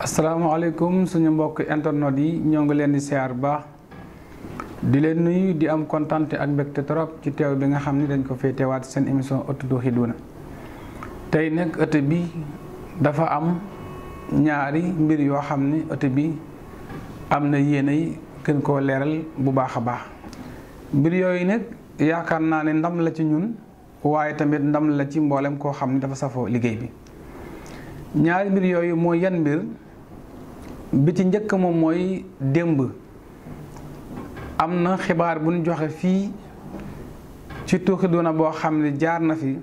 Assalamualaikum, suñu mbokk internet yi ñoo ngi leen di siyaar baax di leen nuyu di am kontante ak mbekté torop ci téw bi nga xamni dañ ko fété seen émission do hiduna tay nak auto bi dafa am ñaari mbir yo xamni auto bi am yene yi gën ko léral bu baaxa baax mbir yoy nak yaakar na né ndam la ci ñun waye tamit ndam la ci ko xamni dafa safo liggéey bi ñaari mbir yoy moy yan mbir bi ci njëkk moom mooy démb am na xibaar bu nu joxe fii ci tuuxi doona boo xam ne jaar na fi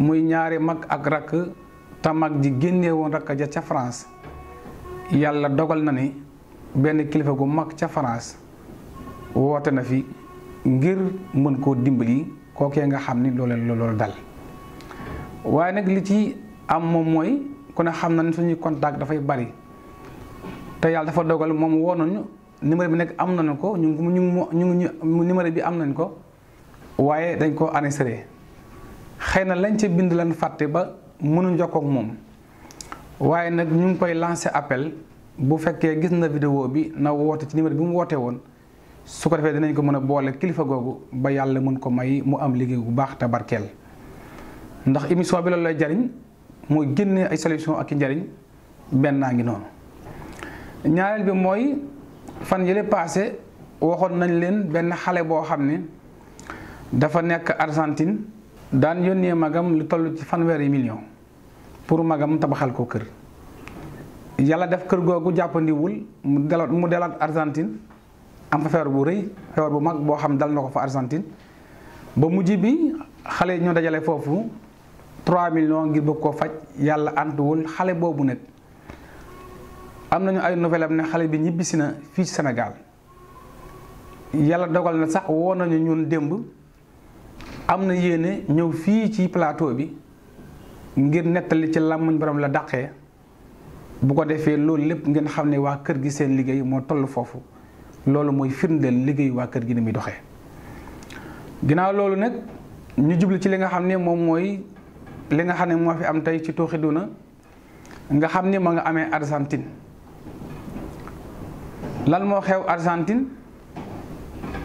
muy ñaari mag ak rakk te mag ji génnewoon woon rakk ja ca France yàlla dogal na ne benn kilifa gu mag ca faranse woote na fi ngir mën koo dimbali kookee nga xam ni loolu loolu dal waaye nag li ci am moom mooy ku ne xam na ni suñuy contact dafay bari te yàlla dafa dogal moom woo nañu numéro bi nekk am nañu ko ñu ngi ñu ngi ñu numéro bi am nañ ko waaye dañ ko enregistré xëy na lañ ca bind lan fàtte ba mënuñ jox kook moom waaye nag ñu ngi koy lancé appel bu fekkee gis na vidéo bi na woote ci numéro bi mu wootee woon su ko defee dinañ ko mën a boole kilifa googu ba yàlla mën ko may mu am liggéey bu baax te barkeel ndax émission bi loolu lay jariñ mooy génne ay solution ak i njariñ benn naa ngi noonu ñaareel bi mooy fan yële paase waxoon nañ leen benn xale boo xam ne dafa nekk Argentine daan yónnee magam lu toll ci fanweeri million pour magam tabaxal ko kër yàlla def kër googu jàppandiwul mu delaat mu delaat Argentine am fa feebar bu rëy feebar bu mag boo xam ne dal na ko fa Argentine ba mujj bi xale ñoo dajale foofu 3 million ngir bëgg koo faj yàlla antuwul xale boobu nag am nañu ay nouvelle am ne xale bi ñibbisi na fii ci Sénégal yàlla dogal na sax woo nañu ñun démb am na yéene ñëw fii ci plateau bi ngir nettali ci làmmuñ borom la dàqee bu ko defee loolu lépp ngeen xam ne waa kër gi seen liggéey moo toll foofu loolu mooy firndeel liggéey waa kër gi ni muy doxee ginnaaw loolu nag ñu jublu ci li nga xam ne moom mooy li nga xam ne moo fi am tey ci na nga xam ne ma nga amee Argentine lan moo xew Argentine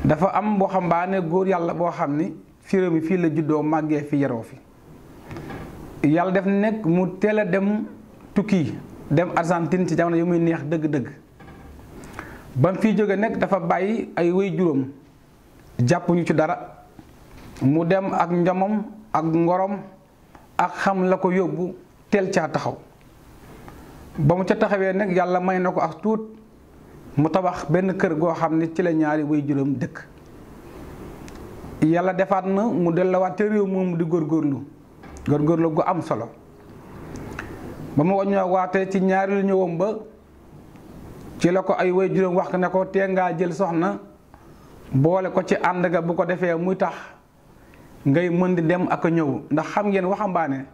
dafa am waxambaane góor yàlla boo xam ni fii mi fii la juddoo màggee fi yaroo fi yàlla def nekk mu teel a dem tukki dem Argentine ci jamono yu muy neex dëgg-dëgg ba mu fiy jóge nekk dafa bàyyi ay wéy juróom jàppuñu ci dara mu dem ak njomom ak ngorom ak xam la ko yóbbu teel caa taxaw ba mu ca taxawee nag yàlla may na ko ak tuut mu tabax benn kër goo xam ne ci la ñaari way juróom dëkk yàlla defaat na mu delluwaat te réew moom di góorgóorlu góorlu gu am solo ba mu waññoo waatee ci ñaari lu ñëwam ba ci la ko ay way juróom wax ne ko tee ngaa jël soxna boole ko ci ànd ga bu ko defee muy tax ngay mën di dem ak a ñëw ndax xam ngeen waxambaane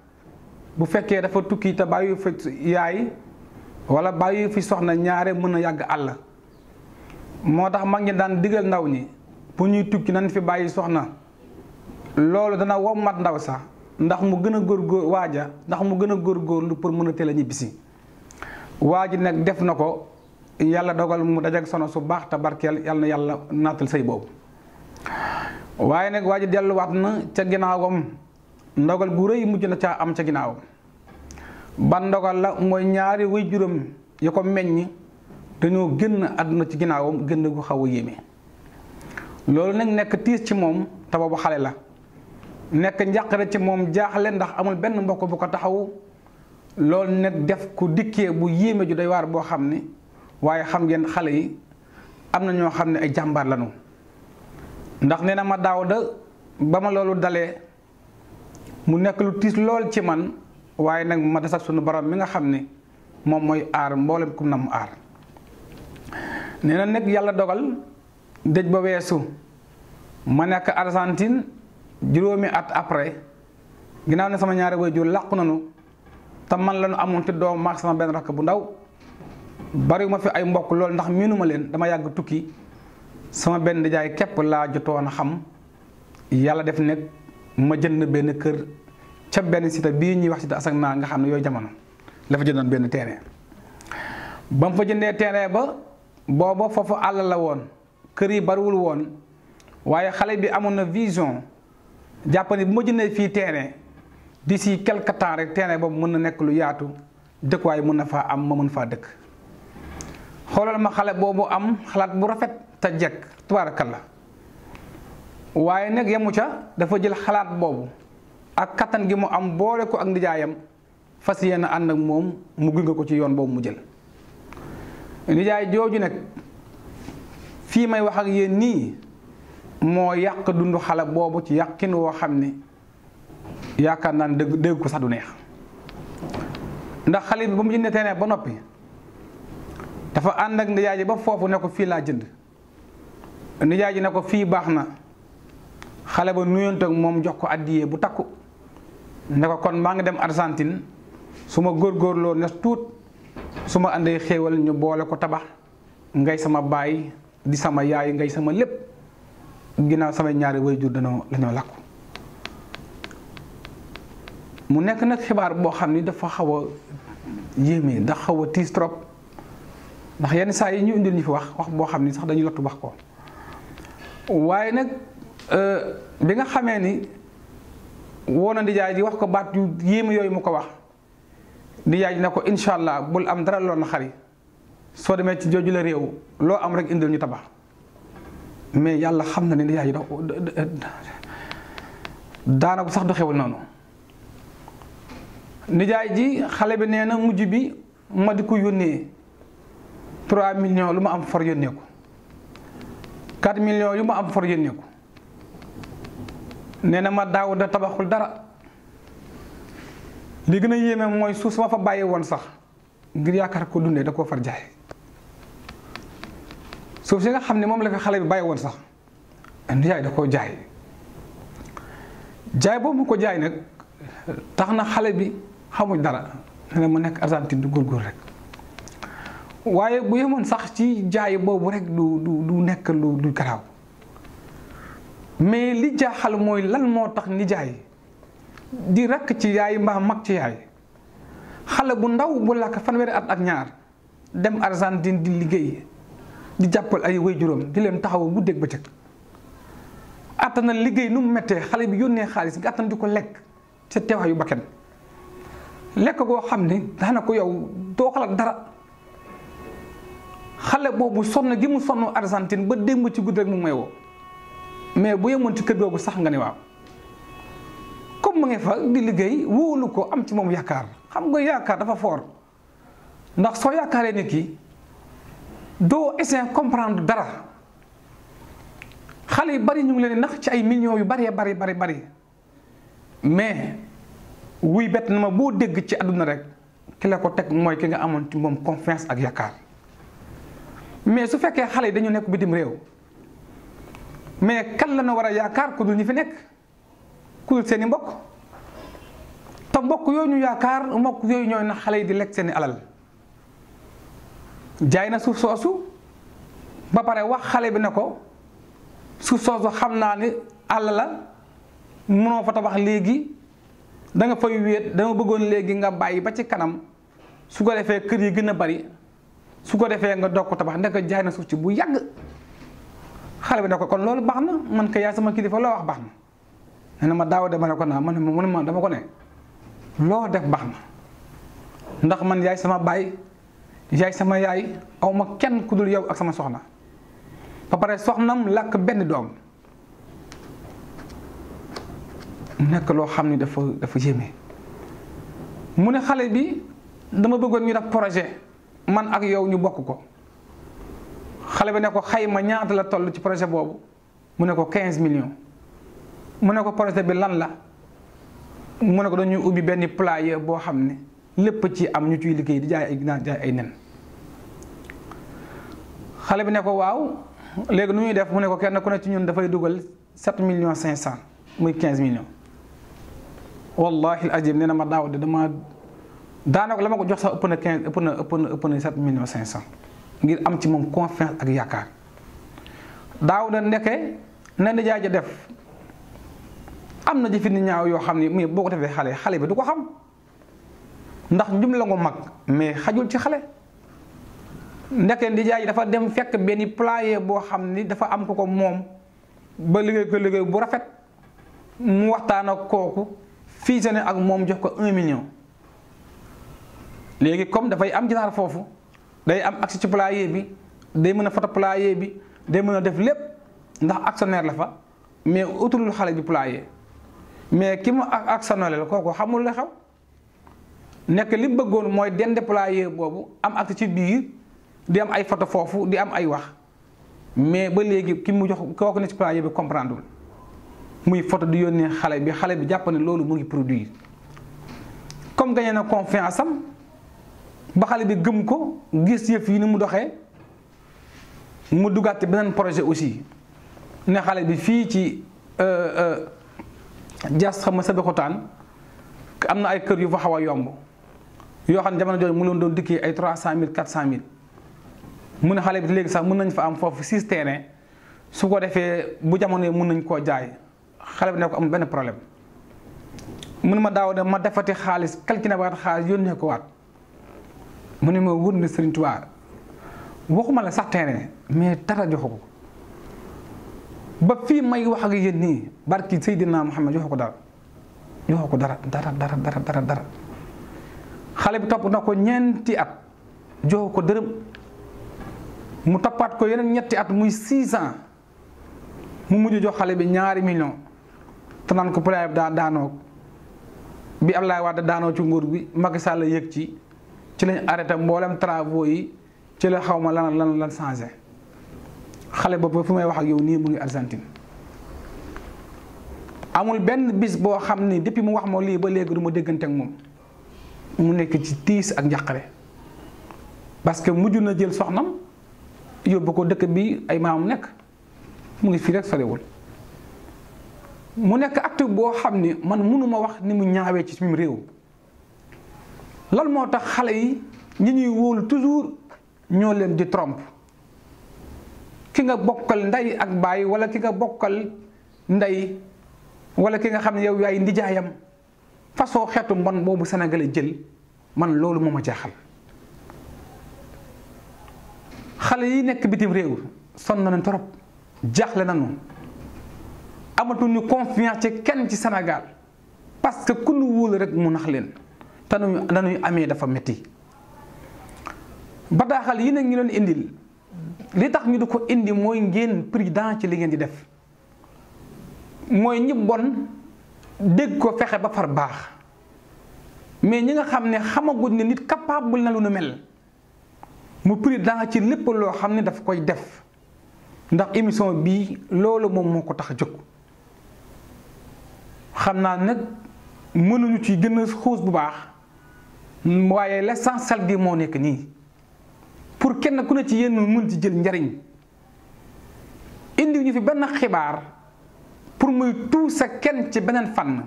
bu fekkee dafa tukki te bàyyi fi yaay wala bàyyi fi soxna ñaare mën a yàgg àll moo tax mag ñi daan digal ndaw ñi bu ñuy tukki nañ fi bàyyi soxna loolu dana wommat ndaw sax ndax mu gën a góor waaja ndax mu gën a góorgóorlu pour mën a teel a ñibbisi waa ji nag def na ko yàlla dogal mu dajak sono su baax te barkeel yàlla na yàlla nattal say boobu waaye nag waaju delluwaat na ca ginnaawam ndogal gu rëy mujj na caa am ca ginnaawam ban ndogal la mooy ñaari way juróom ya ko meññ dañoo génn àdduna ci ginnaawam génn gu xaw a yéeme loolu nag nekk tiis ci moom te boobu xale la nekk njàqare ci moom jaaxle ndax amul benn mbokk bu ko taxaw loolu nag def ku dikkee bu yéeme ju day waar boo xam ne waaye xam ngeen xale yi am na ñoo xam ne ay jàmbaar lañu ndax nee na ma daaw da ba ma loolu dalee mu nekk lu tiis lool ci man waaye nag ma des sunu borom mi nga xam ne moom mooy aar mboolem kum na mu aar nee na nekk yàlla dogal dëj ba weesu ma nekk Argentine juróomi at après ginnaaw ne sama ñaari waajur làqu nanu te man la ñu amoon te doom maag sama benn rakk bu ndaw bariwuma fi ay mbokk loolu ndax miinuma leen dama yàgg tukki sama benn jaay képp laa jotoon a xam yàlla def nekk ma jënd benn kër ca benn site bii ñuy wax ci asak naa nga xam ne yooyu jamono la fa jëndoon benn terrain ba mu fa jëndee terrain ba. bobo fofu alla la won kër yi bariwul woon waaye bi amone vision japani bu ma jinné fi téré d'ici quelque temps rek téré bobu mën na nekk lu yaatu dëkkuwaay mën na fa am ma mën fa dëkk xoolal ma xalé bobu am xalat bu rafet ta jek tubaarakalla waye nag yamu ca dafa jël xalat bobu ak katan gi mu am boole ko ak ndijaayam fasiyena and ak mom mu ci yoon bobu mu jël nijaay jooju nag fii may wax ak yéen nii moo yàq dund xale boobu ci yàqin woo xam ne yaakaar naa ne dëgg dëgg ko sax du neex ndax xale bi ba mu jëndee terrain ba noppi dafa ànd ak nijaay ji ba foofu ne ko fii laa jënd nijaay ji ne ko fii baax na xale ba nuyontoog moom jox ko addiyee bu takku ne ko kon maa ngi dem Argentine su ma góorloo ne tuut su ma àndee xéewal ñu boole ko tabax ngay sama baay di sama yaay ngay sama lépp ginnaaw samay ñaari waajur dañoo dañoo làkku mu nekk nag xibaar boo xam ni dafa xaw a yéeme ndax xaw tiis trop ndax yenn saa yi ñu indil ñu fi wax wax boo xam ni sax dañu lottu wax ko waaye nag euh, bi nga xamee ni woon na ndijaay ji wax ko baat yu yéeme yooyu mu ko wax di yaay ne ko incha allah bul am dara lool na xari soo demee ci jooju la réew loo am rek indil ñu tabax mais yàlla xam na ne di yaay dox daanaka sax doxewul noonu nijaay ji xale bi nee na mujj bi ma di ko yónnee trois millions lu ma am for yónnee ko quatre millions yu ma am for yónnee ko nee na ma daaw da tabaxul dara li gën a yéeme mooy su sama fa bàyyi woon sax ngir yaakaar ko dundee da koo far jaay suuf si nga xam ne moom la fi xale bi bàyyi woon sax ndiyaay da koo jaay jaay boobu mu ko jaay nag tax na xale bi xamuñ dara ne mu nekk Argentine du góorgóor rek waaye bu yemoon sax ci jaay boobu rek du du du nekk lu du garaaw mais li jaaxal mooy lan moo tax nijaay di rakk ci yaay mbaa mag ci yaay xale bu ndaw bu làkk fanweeri at ak ñaar dem Argentine di liggéey di jàppal ay waajuram di leen taxaw bu dégg bëccëg attan na liggéey nu mu méttee xale bi yónnee xaalis nga attan di ko lekk ca teewaayu bakkan lekk goo xam ne ko yow doo xalaat dara xale boobu sonn gi mu sonn Argentine ba démb ci guddi rek mu may woo mais bu yemoon ci kër googu sax nga ne waaw ma ngi fa di liggéey wóolu ko am ci moom yaakaar xam nga yaakaar dafa foor ndax soo yaakaaree nit ki doo essayer comprendre dara xale yu bari ñu ngi leen nax ci ay millions yu bari bari bari bari mais wuy bett na ma boo dégg ci àdduna rek ki la ko teg mooy ki nga amoon ci moom confiance ak yaakaar mais su fekkee xale yi dañu nekk bitim réew mais kan la na war a yaakaar ku dul ñi fi nekk ku dul seeni mbokk te mbokk yooyu ñu yaakaar mbokk yooyu ñooy na xale yi di lekk seeni alal jaay na suuf soosu ba pare wax xale bi ne ko suuf soosu xam naa ni àll la mënoo fa tabax léegi danga nga fay wéet dama bëggoon léegi nga bàyyi ba ci kanam su ko defee kër yi gën a bari su ko defee nga doog ko tabax ndeka jaay na suuf ci bu yàgg xale bi ne ko kon loolu baax na man ko yaay sama kilifa loo wax baax na nee na ma daaw de ma ne ko naa man ma dama ko ne Loh def baxna ndax man yaay sama bayi, yaay sama yaay awma kenn kudul yow ak sama soxna ba pare soxnam lak ben dom nek lo xamni dafa dafa jeme mune xale bi dama beggone ñu def projet man ak yow ñu bokk ko xale bi ne ko xayma ñaata la tollu ci projet bobu mune ko 15 millions mune ko projet bi lan la mu ne ko dañuy ubbi benn poulailler boo xam ne lépp ci am ñu ciy liggéey di jaay ay ginaar jaay ay nen xale bi ne ko waaw léegi nu ñuy def mu ne ko kenn ku ne ci ñun dafay dugal sept millions cinq cent muy quinze millions wallahi ajib nee na ma daaw de dama daanaka la ma ko jox sax ëpp na quinze ëpp na ëpp na ëpp na sept millions cinq cent ngir am ci moom confiance ak yaakaar daaw da ndeke na nijaay ja def am na jëfin ñaaw yoo xam ne mais boo ko defee xale xale bi du ko xam ndax njum la mag mais xajul ci xale ndeke nijaay yi dafa dem fekk benn playe boo xam ni dafa am ko ko moom ba liggéey ko liggéey bu rafet waxtaan ak kooku fusionné ak moom jox ko un million léegi comme dafay am ginaar foofu day am accès ci playe bi day mën a foto playe bi day mën a def lépp ndax actionnaire la fa mais utalul xale bi playe mais ki mu ak ak sonaleel kooku xamul la xew nekk li bëggoon mooy den déployé boobu am ak ci biir di am ay photo foofu di am ay wax mais ba léegi ki mu jox kooku ne ci plan bi comprendre muy photo di yónnee xale bi xale bi jàpp ne loolu mu ngi produit comme gagné na confiance am ba xale bi gëm ko gis yëf yi ni mu doxee mu duggaat ci beneen projet aussi ne xale bi fii ci. Euh, euh, jas xam nga Sébikotane am na ay kër yu fa xaw a yomb yoo xam ne jamono jooju mu loon doon dikkee ay trois cent mille quatre cent mille mu ne xale bi léegi sax mun nañ fa am foofu six terrain su ko defee bu jamono yi mën nañ koo jaay xale bi ne ko am benn problème mu ne ma daaw de ma defati xaalis calculé waat xaalis yónnee ko waat mu ne ma wër na Serigne Touba waxuma la sax terrain mais dara joxu ko ba fii may wax ak yéen nii barki Seydina Muhammad joxu ko dara joxu ko dara dara dara dara dara dara xale bi topp na ko ñeenti at joxu ko dërëm mu toppaat ko yeneen ñetti at muy six ans mu mujj jox xale bi ñaari million te naan ko pulaay daa daanoo bi Abdoulaye Wade daanoo ci nguur bi Macky Sall yëg ci ci lañ arrêté mboolem travaux yi ci la xaw ma lan lan changé xale boobu fu may wax ak yow ni mu ngi Argentine amul benn bis boo xam ni depuis mu wax ma lii ba léegi du ma déggante ak moom mu nekk ci tiis ak njàqare parce que mujj na jël soxnam yóbbu ko dëkk bi ay maamam nekk mu ngi fii rek sorewul mu nekk acte boo xam ni man mënuma wax ni mu ñaawee ci mim réew lan moo tax xale yi ñi ñuy wóolu toujours ñoo leen di trompe ki nga bokkal ndey ak baay wala ki nga bokkal ndey wala ki nga xam ne yow yaay ndijaayam façon xeetu mbon boobu sénégalais jël man loolu moo ma jaaxal xale yi nekk bitim réew sonn nañu trop jaaxle nañu amatuñu confiance ci kenn ci Sénégal parce que ku wóolu rek mu nax leen te nañu amee dafa metti bataaxal yi nag ngi doon indil li tax ñu di ko indi mooy ngeen prudent ci li ngeen di def mooy ñi dégg ko fexe ba far baax mais ñi nga xam ne xamaguñ ne nit capable na lu nu mel mu prudent ci lépp loo xam ne daf koy def ndax émission bii loolu moom moo ko tax a jóg xam naa nag mënuñu ci gën a xuus bu baax waaye l'essentiel gi moo nekk nii pour kenn ku ne ci yéen mun ci jël njariñ indi ñu fi benn xibaar pour muy tuut sa kenn ci beneen fan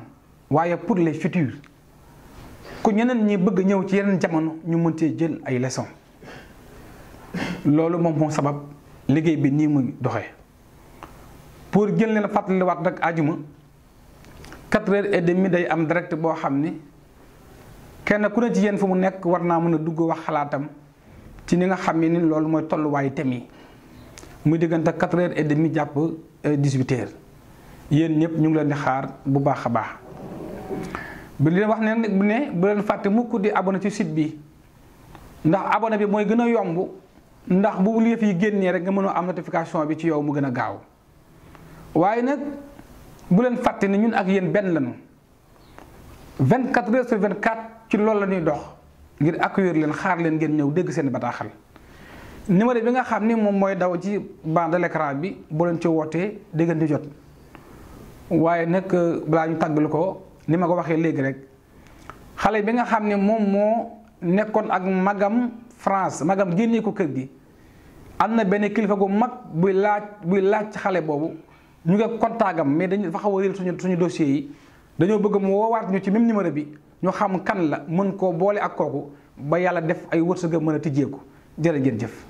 waaye pour les futurs ku ñeneen ñi bëgg ñëw ci yeneen jamono ñu mën cee jël ay leçons loolu moom moo sabab liggéey bi nii muy doxe pour jël leen fàttaliwaat rek ajuma quatre heures et demie day am direct boo xam ni kenn ku ne ci yéen fu mu nekk war naa mën a dugg wax xalaatam. ci ni nga xam ni loolu mooy tolluwaayu thème yi muy diggante quatre heures et demi jàpp euh, dix-huit heures yéen ñëpp ñu ngi leen di xaar bu baax a baax. bi leen wax ne ne bu leen fàtte mukk di abona ci sit bi ndax abona bi mooy gën a yomb ndax bu yëf yi génnee rek nga mën a am notification bi ci yow mu gën a gaaw waaye nag bu leen fàtte ne ñun ak yéen benn lañu 24 heures sur 24 ci loolu la ñuy dox. ngir accueillir leen xaar leen ngeen ñëw dégg seen bataaxal numéro bi nga xam ni moom mooy daw ci bande de bi boo leen ci wootee déggan di jot waaye nag balaa ñu tàggal ko ni ma ko waxee léegi rek xale bi nga xam ne moom moo nekkoon ak magam France magam génnee ko kër gi am na benn kilifa gu mag buy laaj buy laaj ci xale boobu ñu kon taagam mais dañu dafa xaw a réer suñu suñu dossier yi dañoo bëgg mu woowaat ñu ci même numéro bi ñu xam kan la mën koo boole ak kooku ba yàlla def ay wërsëg a mën a ko jërë ngeen jëf